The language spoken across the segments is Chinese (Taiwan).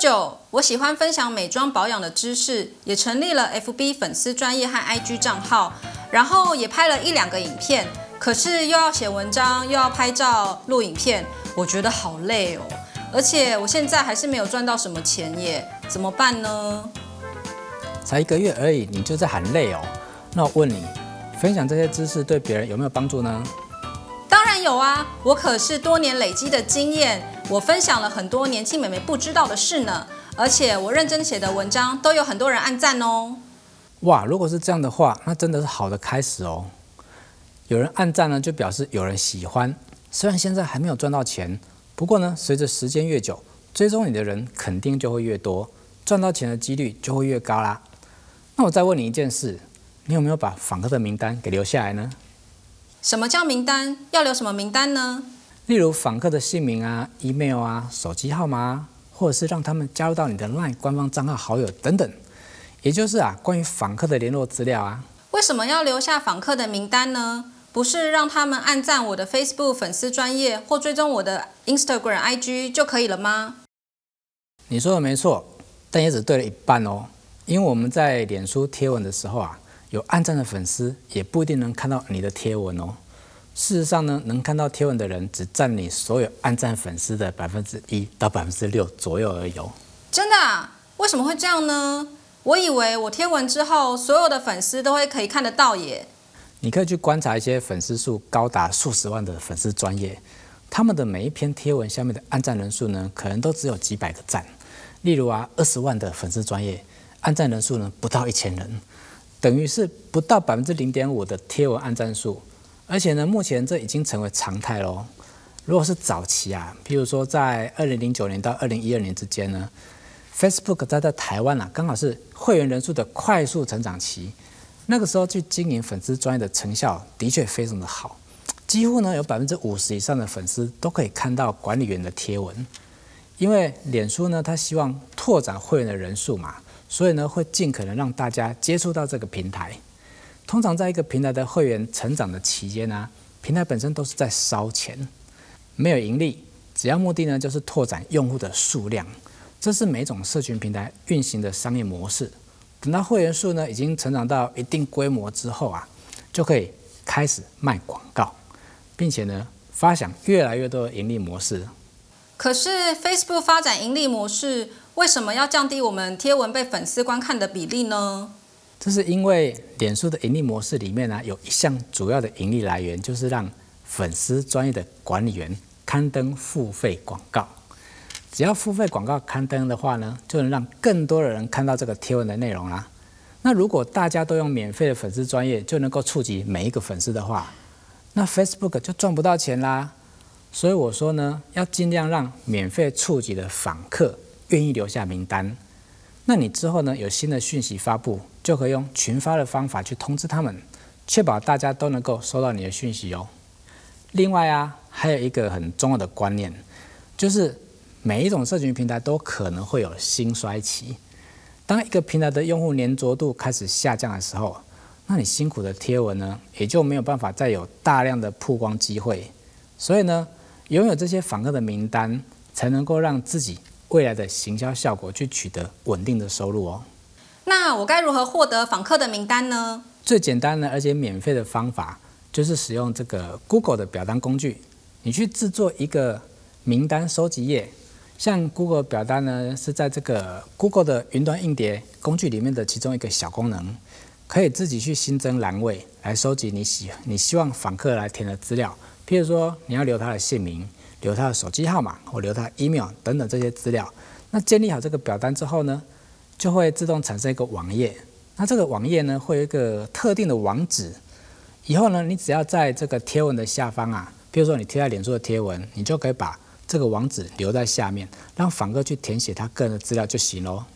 九，我喜歡分享美妝保養的知識，也成立了 F B 粉絲專頁和 I G 賬號，然後也拍了一兩個影片。可是又要寫文章，又要拍照錄影片，我覺得好累哦。而且我現在還是沒有賺到什麼錢耶，怎麼辦呢？才一個月而已，你就在喊累哦？那我問你，分享這些知識對別人有沒有幫助呢？當然有啊，我可是多年累積的經驗。我分享了很多年輕美眉不知道的事呢，而且我認真寫的文章都有很多人按讚哦。哇，如果是這樣的話，那真的是好的開始哦。有人按讚呢，就表示有人喜歡。雖然現在還沒有賺到錢，不過呢，隨着時間越久，追蹤你的人肯定就會越多，賺到錢的幾率就會越高啦。那我再問你一件事，你有沒有把訪客的名單給留下來呢？什麼叫名單？要留什麼名單呢？例如訪客的姓名啊、email 啊、手機號碼啊，或者是讓他們加入到你的 LINE 官方賬號好友等等，也就是啊關於訪客的聯絡資料啊。為什麼要留下訪客的名單呢？不是讓他們按讚我的 Facebook 粉絲專頁或追蹤我的 Instagram IG 就可以了嗎？你說的沒錯，但也只對了一半哦。因為我們在臉書貼文的時候啊，有按讚的粉絲也不一定能看到你的貼文哦。事實上呢，能看到貼文的人只占你所有按讚粉絲的百分之一到百分之六左右而已。真的啊？為什麼會這樣呢？我以為我貼文之後，所有的粉絲都會可以看得到耶。你可以去觀察一些粉絲數高達數十萬的粉絲專頁，他們的每一篇貼文下面的按讚人數呢，可能都只有幾百個讚。例如啊，二十萬的粉絲專頁，按讚人數呢不到一千人，等於是不到百分之零點五的貼文按讚數。而且呢，目前這已經成為常態嘍。如果是早期啊，譬如說在二零零九年到二零一二年之間呢，Facebook 它在台灣啊，剛好是會員人數的快速成長期。那個時候去經營粉絲專業的成效的確非常的好，幾乎呢有百分之五十以上的粉絲都可以看到管理員的貼文。因為臉書呢，它希望拓展會員的人數嘛，所以呢會盡可能讓大家接觸到這個平台。通常在一個平台的會員成長的期間呢、啊，平台本身都是在燒錢，沒有盈利，主要目的呢就是拓展用戶的數量，這是每種社群平台運行的商業模式。等到會員數呢已經成長到一定規模之後啊，就可以開始賣廣告，並且呢發想越來越多的盈利模式。可是 Facebook 發展盈利模式，為什麼要降低我們貼文被粉絲觀看的比例呢？這是因為臉書的盈利模式裡面呢、啊，有一項主要的盈利來源，就是讓粉絲專頁的管理員刊登付費廣告。只要付費廣告刊登的話呢，就能讓更多的人看到這個貼文的內容啦。那如果大家都用免費的粉絲專頁，就能夠觸及每一個粉絲的話，那 Facebook 就賺不到錢啦。所以我說呢，要盡量讓免費觸及的訪客願意留下名單。那你之後呢，有新的訊息發布，就可以用群發的方法去通知他們，確保大家都能夠收到你的訊息哦。另外啊，還有一個很重要的觀念，就是每一種社群平台都可能會有興衰期。當一個平台的用戶粘着度開始下降的時候，那你辛苦的貼文呢，也就沒有辦法再有大量的曝光機會。所以呢，擁有這些訪客的名單，才能夠讓自己。未來的行銷效果去取得穩定的收入哦。那我該如何獲得訪客的名單呢？最簡單的而且免費的方法，就是使用這個 Google 的表單工具。你去制作一個名單收集頁。像 Google 表單呢，是在這個 Google 的雲端硬碟工具裡面的其中一個小功能，可以自己去新增欄位來收集你喜你希望訪客來填的資料。譬如說，你要留他的姓名。留他的手機號碼，或留他的 email 等等這些資料。那建立好這個表單之後呢，就會自動產生一個網頁。那這個網頁呢，會有一個特定的網址。以後呢，你只要在這個貼文的下方啊，比如說你貼在臉書的貼文，你就可以把這個網址留在下面，讓訪客去填寫他個人的資料就行咯。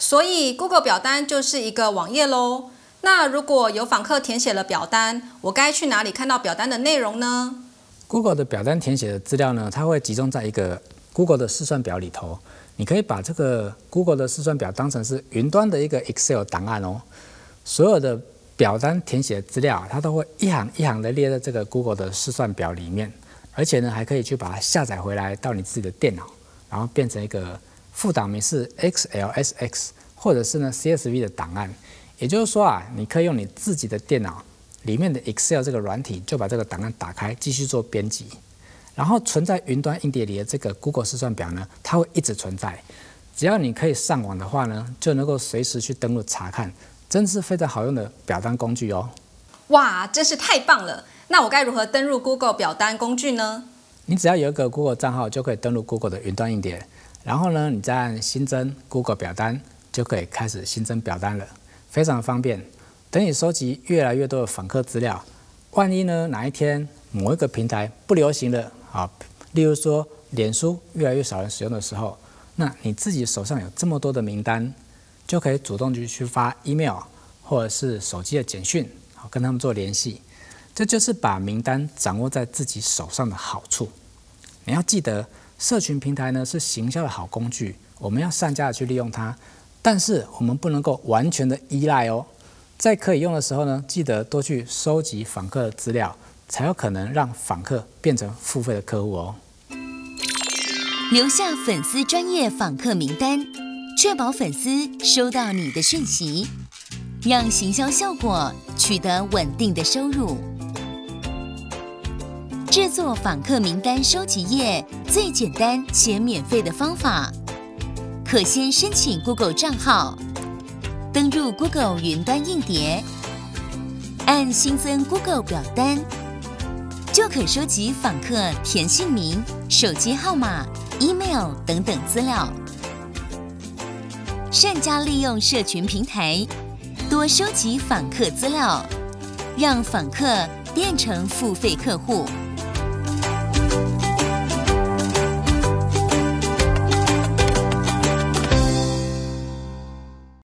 所以 Google 表單就是一個網頁咯。那如果有訪客填寫了表單，我該去哪裡看到表單的內容呢？Google 的表單填寫的資料呢，它會集中在一個 Google 的試算表裡頭。你可以把這個 Google 的試算表當成是雲端的一個 Excel 檔案哦。所有的表單填寫的資料，它都會一行一行的列在這個 Google 的試算表裡面，而且呢，還可以去把它下載回來到你自己的電腦，然後變成一個副檔名是 XLSX 或者是呢 CSV 的檔案。也就是說啊，你可以用你自己的電腦。裡面的 Excel 這個軟體就把這個檔案打開，繼續做編輯，然後存在雲端硬碟裡的這個 Google 試算表呢，它會一直存在，只要你可以上網的話呢，就能夠隨時去登錄查看，真是非常好用的表單工具哦。哇，真是太棒了！那我該如何登入 Google 表單工具呢？你只要有一個 Google 賬號就可以登錄 Google 的雲端硬碟，然後呢，你再按新增 Google 表單，就可以開始新增表單了，非常方便。等你收集越來越多的訪客資料，萬一呢，哪一天某一個平台不流行了啊，例如說，臉書越來越少人使用的時候，那你自己手上有這麼多的名單，就可以主動去去發 email 或者是手機的簡訊，好跟他們做聯繫。這就是把名單掌握在自己手上的好處。你要記得，社群平台呢是行銷的好工具，我們要善加的去利用它，但是我們不能夠完全的依賴哦。在可以用的時候呢，記得多去收集訪客的資料，才有可能讓訪客變成付費的客戶哦。留下粉絲專業訪客名單，確保粉絲收到你的訊息，讓行銷效果取得穩定的收入。製作訪客名單收集頁，最簡單且免費的方法，可先申請 Google 賬號。登入 Google 雲端硬碟，按新增 Google 表單，就可收集訪客填姓名、手機號碼、email 等等資料。善加利用社群平台，多收集訪客資料，讓訪客變成付費客戶。